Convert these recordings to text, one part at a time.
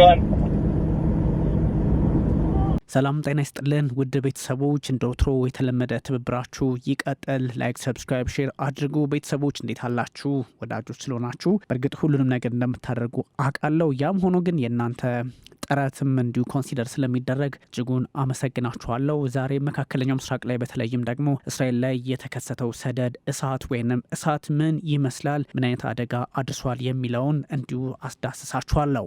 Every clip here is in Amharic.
ሄዷል። ሰላም ጤና ይስጥልን ውድ ቤተሰቦች፣ እንደ ወትሮ የተለመደ ትብብራችሁ ይቀጥል። ላይክ፣ ሰብስክራይብ፣ ሼር አድርጉ። ቤተሰቦች እንዴት አላችሁ? ወዳጆች ስለሆናችሁ በእርግጥ ሁሉንም ነገር እንደምታደርጉ አውቃለሁ። ያም ሆኖ ግን የእናንተ ጥረትም እንዲሁ ኮንሲደር ስለሚደረግ እጅጉን አመሰግናችኋለሁ። ዛሬ መካከለኛው ምስራቅ ላይ በተለይም ደግሞ እስራኤል ላይ የተከሰተው ሰደድ እሳት ወይንም እሳት ምን ይመስላል፣ ምን አይነት አደጋ አድርሷል የሚለውን እንዲሁ አስዳስሳችኋለሁ።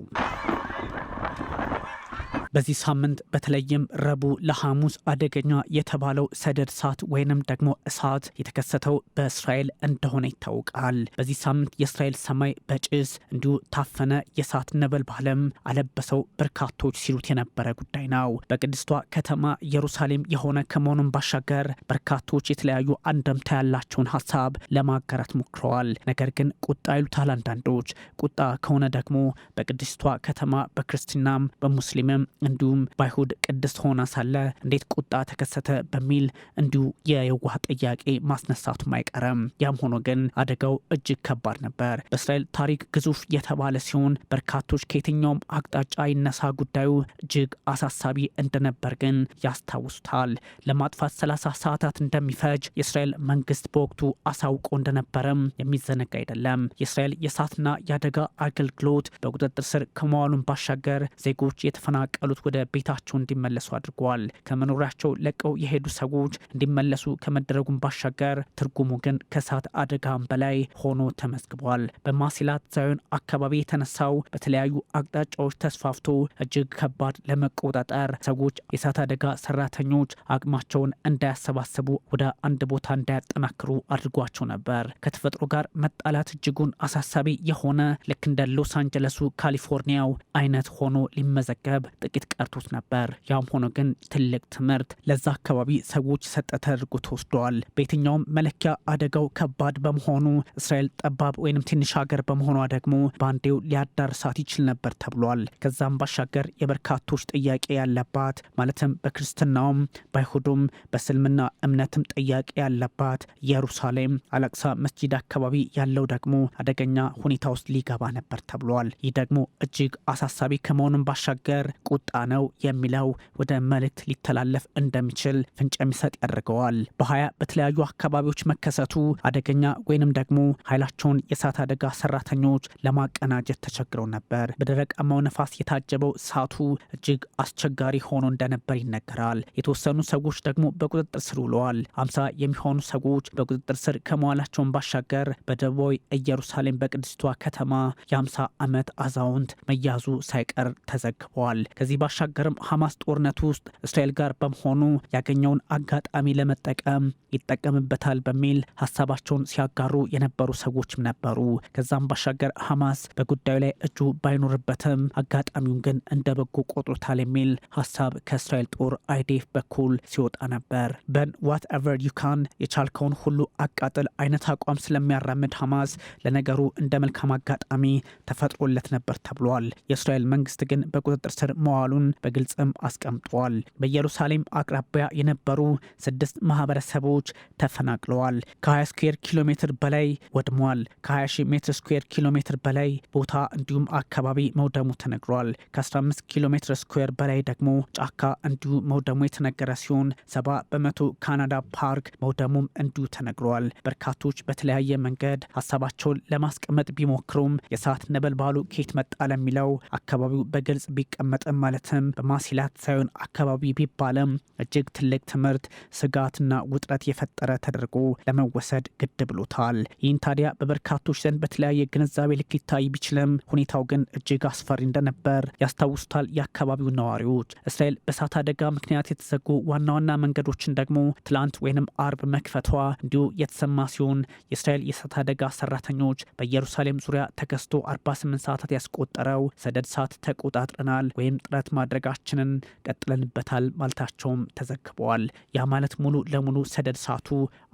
በዚህ ሳምንት በተለይም ረቡ ለሐሙስ አደገኛ የተባለው ሰደድ እሳት ወይንም ደግሞ እሳት የተከሰተው በእስራኤል እንደሆነ ይታወቃል። በዚህ ሳምንት የእስራኤል ሰማይ በጭስ እንዲሁ ታፈነ፣ የእሳት ነበልባለም አለበሰው በርካቶች ሲሉት የነበረ ጉዳይ ነው። በቅድስቷ ከተማ ኢየሩሳሌም የሆነ ከመሆኑም ባሻገር በርካቶች የተለያዩ አንደምታ ያላቸውን ሀሳብ ለማጋራት ሞክረዋል። ነገር ግን ቁጣ ይሉታል አንዳንዶች። ቁጣ ከሆነ ደግሞ በቅድስቷ ከተማ በክርስትናም በሙስሊምም እንዲሁም በአይሁድ ቅድስት ሆና ሳለ እንዴት ቁጣ ተከሰተ በሚል እንዲሁ የየዋህ ጥያቄ ማስነሳቱም አይቀርም። ያም ሆኖ ግን አደጋው እጅግ ከባድ ነበር። በእስራኤል ታሪክ ግዙፍ የተባለ ሲሆን በርካቶች ከየትኛውም አቅጣጫ ይነሳ ጉዳዩ እጅግ አሳሳቢ እንደነበር ግን ያስታውሱታል። ለማጥፋት 30 ሰዓታት እንደሚፈጅ የእስራኤል መንግስት በወቅቱ አሳውቆ እንደነበረም የሚዘነጋ አይደለም። የእስራኤል የእሳትና የአደጋ አገልግሎት በቁጥጥር ስር ከመዋሉን ባሻገር ዜጎች የተፈናቀሉ የመሳሰሉት ወደ ቤታቸው እንዲመለሱ አድርገዋል። ከመኖሪያቸው ለቀው የሄዱ ሰዎች እንዲመለሱ ከመደረጉን ባሻገር ትርጉሙ ግን ከእሳት አደጋም በላይ ሆኖ ተመዝግቧል። በማሲላት ዛዮን አካባቢ የተነሳው በተለያዩ አቅጣጫዎች ተስፋፍቶ እጅግ ከባድ ለመቆጣጠር ሰዎች የእሳት አደጋ ሰራተኞች አቅማቸውን እንዳያሰባስቡ ወደ አንድ ቦታ እንዳያጠናክሩ አድርጓቸው ነበር። ከተፈጥሮ ጋር መጣላት እጅጉን አሳሳቢ የሆነ ልክ እንደ ሎስ አንጀለሱ ካሊፎርኒያው አይነት ሆኖ ሊመዘገብ ጥቂት ጥቂት ቀርቶት ነበር። ያም ሆኖ ግን ትልቅ ትምህርት ለዛ አካባቢ ሰዎች ሰጠ ተደርጎ ተወስደዋል። በየትኛውም መለኪያ አደጋው ከባድ በመሆኑ እስራኤል ጠባብ ወይንም ትንሽ ሀገር በመሆኗ ደግሞ በአንዴው ሊያዳርሳት ይችል ነበር ተብሏል። ከዛም ባሻገር የበርካቶች ጥያቄ ያለባት ማለትም በክርስትናውም በአይሁዱም በእስልምና እምነትም ጥያቄ ያለባት ኢየሩሳሌም አላቅሳ መስጂድ አካባቢ ያለው ደግሞ አደገኛ ሁኔታ ውስጥ ሊገባ ነበር ተብሏል። ይህ ደግሞ እጅግ አሳሳቢ ከመሆኑም ባሻገር ቁጣ የወጣ ነው የሚለው ወደ መልእክት ሊተላለፍ እንደሚችል ፍንጭ የሚሰጥ ያደርገዋል። በሀያ በተለያዩ አካባቢዎች መከሰቱ አደገኛ ወይንም ደግሞ ኃይላቸውን የእሳት አደጋ ሰራተኞች ለማቀናጀት ተቸግረው ነበር። በደረቃማው ነፋስ የታጀበው እሳቱ እጅግ አስቸጋሪ ሆኖ እንደነበር ይነገራል። የተወሰኑ ሰዎች ደግሞ በቁጥጥር ስር ውለዋል። አምሳ የሚሆኑ ሰዎች በቁጥጥር ስር ከመዋላቸውን ባሻገር በደቡባዊ ኢየሩሳሌም በቅድስቷ ከተማ የአምሳ ዓመት አዛውንት መያዙ ሳይቀር ተዘግቧል። ከዚህ ባሻገርም ሐማስ ጦርነቱ ውስጥ እስራኤል ጋር በመሆኑ ያገኘውን አጋጣሚ ለመጠቀም ይጠቀምበታል በሚል ሀሳባቸውን ሲያጋሩ የነበሩ ሰዎችም ነበሩ። ከዛም ባሻገር ሐማስ በጉዳዩ ላይ እጁ ባይኖርበትም አጋጣሚውን ግን እንደ በጎ ቆጥሮታል የሚል ሀሳብ ከእስራኤል ጦር አይዴፍ በኩል ሲወጣ ነበር። በን ዋት ኤቨር የቻልከውን ሁሉ አቃጥል አይነት አቋም ስለሚያራምድ ሐማስ ለነገሩ እንደ መልካም አጋጣሚ ተፈጥሮለት ነበር ተብሏል። የእስራኤል መንግስት ግን በቁጥጥር ስር መዋሉ መቻሉን በግልጽም አስቀምጧል። በኢየሩሳሌም አቅራቢያ የነበሩ ስድስት ማህበረሰቦች ተፈናቅለዋል። ከ20 ስኩዌር ኪሎ ሜትር በላይ ወድሟል። ከ20 ሜትር ስኩዌር ኪሎ ሜትር በላይ ቦታ እንዲሁም አካባቢ መውደሙ ተነግሯል። ከ15 ኪሎ ሜትር ስኩዌር በላይ ደግሞ ጫካ እንዲሁ መውደሙ የተነገረ ሲሆን ሰባ በመቶ ካናዳ ፓርክ መውደሙም እንዲሁ ተነግሯል። በርካቶች በተለያየ መንገድ ሀሳባቸውን ለማስቀመጥ ቢሞክሩም የእሳት ነበልባሉ ኬት መጣ ለሚለው አካባቢው በግልጽ ቢቀመጥም ማለትም በማሲላት ሳይሆን አካባቢ ቢባለም እጅግ ትልቅ ትምህርት ስጋትና ውጥረት የፈጠረ ተደርጎ ለመወሰድ ግድ ብሎታል። ይህን ታዲያ በበርካቶች ዘንድ በተለያየ ግንዛቤ ልክ ሊታይ ቢችልም ሁኔታው ግን እጅግ አስፈሪ እንደነበር ያስታውሱታል የአካባቢው ነዋሪዎች። እስራኤል በእሳት አደጋ ምክንያት የተዘጉ ዋና ዋና መንገዶችን ደግሞ ትላንት ወይንም አርብ መክፈቷ እንዲሁ የተሰማ ሲሆን የእስራኤል የእሳት አደጋ ሰራተኞች በኢየሩሳሌም ዙሪያ ተከስቶ 48 ሰዓታት ያስቆጠረው ሰደድ እሳት ተቆጣጥረናል ወይም ጥረ ጥረት ማድረጋችንን ቀጥለንበታል ማለታቸውም ተዘግበዋል። ያ ማለት ሙሉ ለሙሉ ሰደድ እሳቱ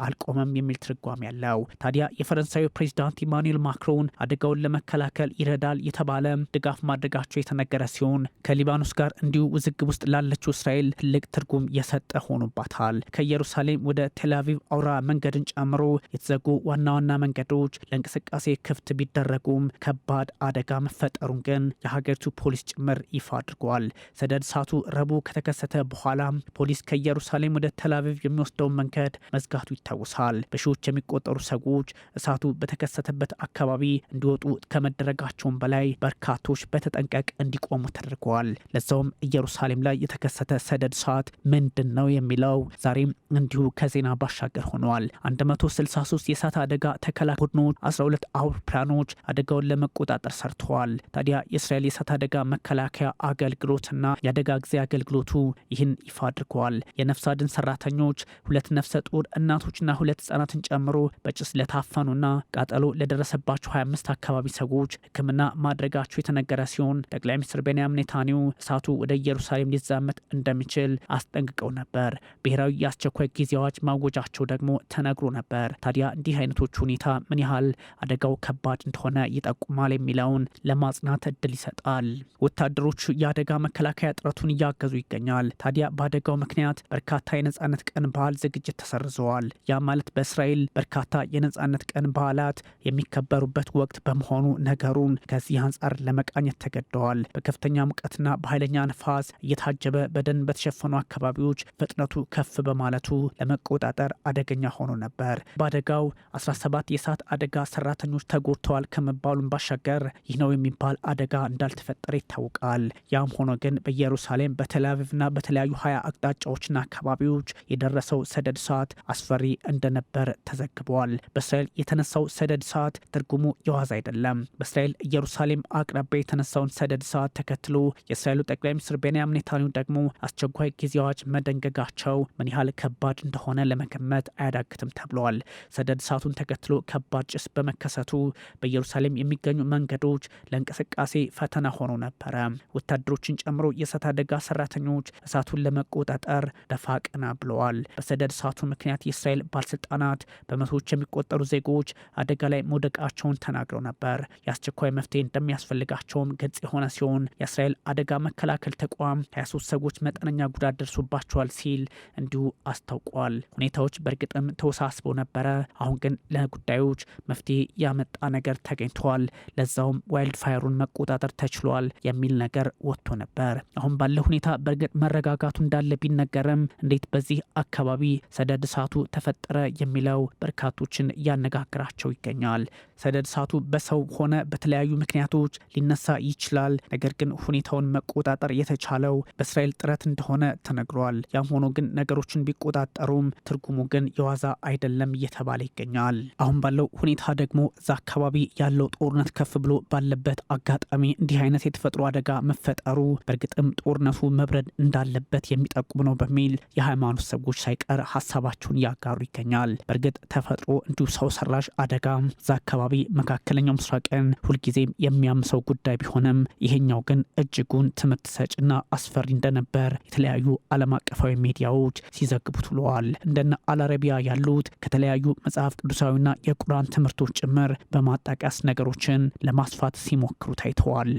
አልቆመም የሚል ትርጓሜ ያለው ታዲያ የፈረንሳዩ ፕሬዚዳንት ኢማኑኤል ማክሮን አደጋውን ለመከላከል ይረዳል የተባለ ድጋፍ ማድረጋቸው የተነገረ ሲሆን ከሊባኖስ ጋር እንዲሁ ውዝግብ ውስጥ ላለችው እስራኤል ትልቅ ትርጉም የሰጠ ሆኖባታል። ከኢየሩሳሌም ወደ ቴላቪቭ አውራ መንገድን ጨምሮ የተዘጉ ዋና ዋና መንገዶች ለእንቅስቃሴ ክፍት ቢደረጉም ከባድ አደጋ መፈጠሩን ግን የሀገሪቱ ፖሊስ ጭምር ይፋ አድርጓል። ገልጸዋል። ሰደድ እሳቱ ረቡዕ ከተከሰተ በኋላ ፖሊስ ከኢየሩሳሌም ወደ ተላቪቭ የሚወስደውን መንገድ መዝጋቱ ይታወሳል። በሺዎች የሚቆጠሩ ሰዎች እሳቱ በተከሰተበት አካባቢ እንዲወጡ ከመደረጋቸውም በላይ በርካቶች በተጠንቀቅ እንዲቆሙ ተደርገዋል። ለዛውም ኢየሩሳሌም ላይ የተከሰተ ሰደድ እሳት ምንድን ነው የሚለው ዛሬም እንዲሁ ከዜና ባሻገር ሆነዋል። 163 የእሳት አደጋ ተከላካይ ቡድኖች 12 አውሮፕላኖች አደጋውን ለመቆጣጠር ሰርተዋል። ታዲያ የእስራኤል የእሳት አደጋ መከላከያ አገልግሎት አገልግሎትና የአደጋ ጊዜ አገልግሎቱ ይህን ይፋ አድርገዋል። የነፍስ አድን ሰራተኞች ሁለት ነፍሰ ጡር እናቶችና ሁለት ህጻናትን ጨምሮ በጭስ ለታፈኑና ቃጠሎ ለደረሰባቸው 25 አካባቢ ሰዎች ሕክምና ማድረጋቸው የተነገረ ሲሆን ጠቅላይ ሚኒስትር ቤንያሚን ኔታንያሁ እሳቱ ወደ ኢየሩሳሌም ሊዛመት እንደሚችል አስጠንቅቀው ነበር። ብሔራዊ የአስቸኳይ ጊዜ አዋጅ ማወጃቸው ደግሞ ተነግሮ ነበር። ታዲያ እንዲህ አይነቶች ሁኔታ ምን ያህል አደጋው ከባድ እንደሆነ ይጠቁማል የሚለውን ለማጽናት እድል ይሰጣል። ወታደሮቹ የአደጋ መከላከያ ጥረቱን እያገዙ ይገኛል። ታዲያ በአደጋው ምክንያት በርካታ የነጻነት ቀን ባህል ዝግጅት ተሰርዘዋል። ያ ማለት በእስራኤል በርካታ የነጻነት ቀን ባህላት የሚከበሩበት ወቅት በመሆኑ ነገሩን ከዚህ አንጻር ለመቃኘት ተገደዋል። በከፍተኛ ሙቀትና በኃይለኛ ነፋስ እየታጀበ በደን በተሸፈኑ አካባቢዎች ፍጥነቱ ከፍ በማለቱ ለመቆጣጠር አደገኛ ሆኖ ነበር። በአደጋው 17 የእሳት አደጋ ሰራተኞች ተጎድተዋል ከመባሉን ባሻገር ይህ ነው የሚባል አደጋ እንዳልተፈጠረ ይታወቃል። ያም ሆኖ ሆኖ ግን በኢየሩሳሌም በቴልአቪቭና በተለያዩ ሀያ አቅጣጫዎችና አካባቢዎች የደረሰው ሰደድ እሳት አስፈሪ እንደነበር ተዘግበዋል። በእስራኤል የተነሳው ሰደድ እሳት ትርጉሙ የዋዝ አይደለም። በእስራኤል ኢየሩሳሌም አቅራቢያ የተነሳውን ሰደድ እሳት ተከትሎ የእስራኤሉ ጠቅላይ ሚኒስትር ቤንያም ኔታንያሁ ደግሞ አስቸኳይ ጊዜ አዋጅ መደንገጋቸው ምን ያህል ከባድ እንደሆነ ለመገመት አያዳግትም ተብለዋል። ሰደድ እሳቱን ተከትሎ ከባድ ጭስ በመከሰቱ በኢየሩሳሌም የሚገኙ መንገዶች ለእንቅስቃሴ ፈተና ሆኖ ነበረ። ወታደሮችን ነዋሪዎችን ጨምሮ የእሳት አደጋ ሰራተኞች እሳቱን ለመቆጣጠር ደፋ ቀና ብለዋል። በሰደድ እሳቱ ምክንያት የእስራኤል ባለስልጣናት በመቶዎች የሚቆጠሩ ዜጎች አደጋ ላይ መውደቃቸውን ተናግረው ነበር። የአስቸኳይ መፍትሄ እንደሚያስፈልጋቸውም ግልጽ የሆነ ሲሆን የእስራኤል አደጋ መከላከል ተቋም 23 ሰዎች መጠነኛ ጉዳት ደርሶባቸዋል ሲል እንዲሁ አስታውቋል። ሁኔታዎች በእርግጥም ተወሳስበው ነበረ። አሁን ግን ለጉዳዮች መፍትሄ ያመጣ ነገር ተገኝተዋል። ለዛውም ዋይልድ ፋየሩን መቆጣጠር ተችሏል የሚል ነገር ወጥቶ ነበር። ነበር። አሁን ባለው ሁኔታ በእርግጥ መረጋጋቱ እንዳለ ቢነገርም እንዴት በዚህ አካባቢ ሰደድ እሳቱ ተፈጠረ የሚለው በርካቶችን እያነጋግራቸው ይገኛል። ሰደድ እሳቱ በሰው ሆነ በተለያዩ ምክንያቶች ሊነሳ ይችላል። ነገር ግን ሁኔታውን መቆጣጠር የተቻለው በእስራኤል ጥረት እንደሆነ ተነግሯል። ያም ሆኖ ግን ነገሮችን ቢቆጣጠሩም ትርጉሙ ግን የዋዛ አይደለም እየተባለ ይገኛል። አሁን ባለው ሁኔታ ደግሞ እዛ አካባቢ ያለው ጦርነት ከፍ ብሎ ባለበት አጋጣሚ እንዲህ አይነት የተፈጥሮ አደጋ መፈጠሩ በእርግጥም ጦርነቱ መብረድ እንዳለበት የሚጠቁም ነው በሚል የሃይማኖት ሰዎች ሳይቀር ሀሳባቸውን ያጋሩ ይገኛል። በእርግጥ ተፈጥሮ እንዲሁ ሰው ሰራሽ አደጋ እዛ አካባቢ መካከለኛው ምስራቅን ሁልጊዜም የሚያምሰው ጉዳይ ቢሆንም ይሄኛው ግን እጅጉን ትምህርት ሰጭና አስፈሪ እንደነበር የተለያዩ ዓለም አቀፋዊ ሚዲያዎች ሲዘግቡት ውለዋል። እንደነ አልአረቢያ ያሉት ከተለያዩ መጽሐፍ ቅዱሳዊና የቁርአን ትምህርቶች ጭምር በማጣቀስ ነገሮችን ለማስፋት ሲሞክሩ ታይተዋል።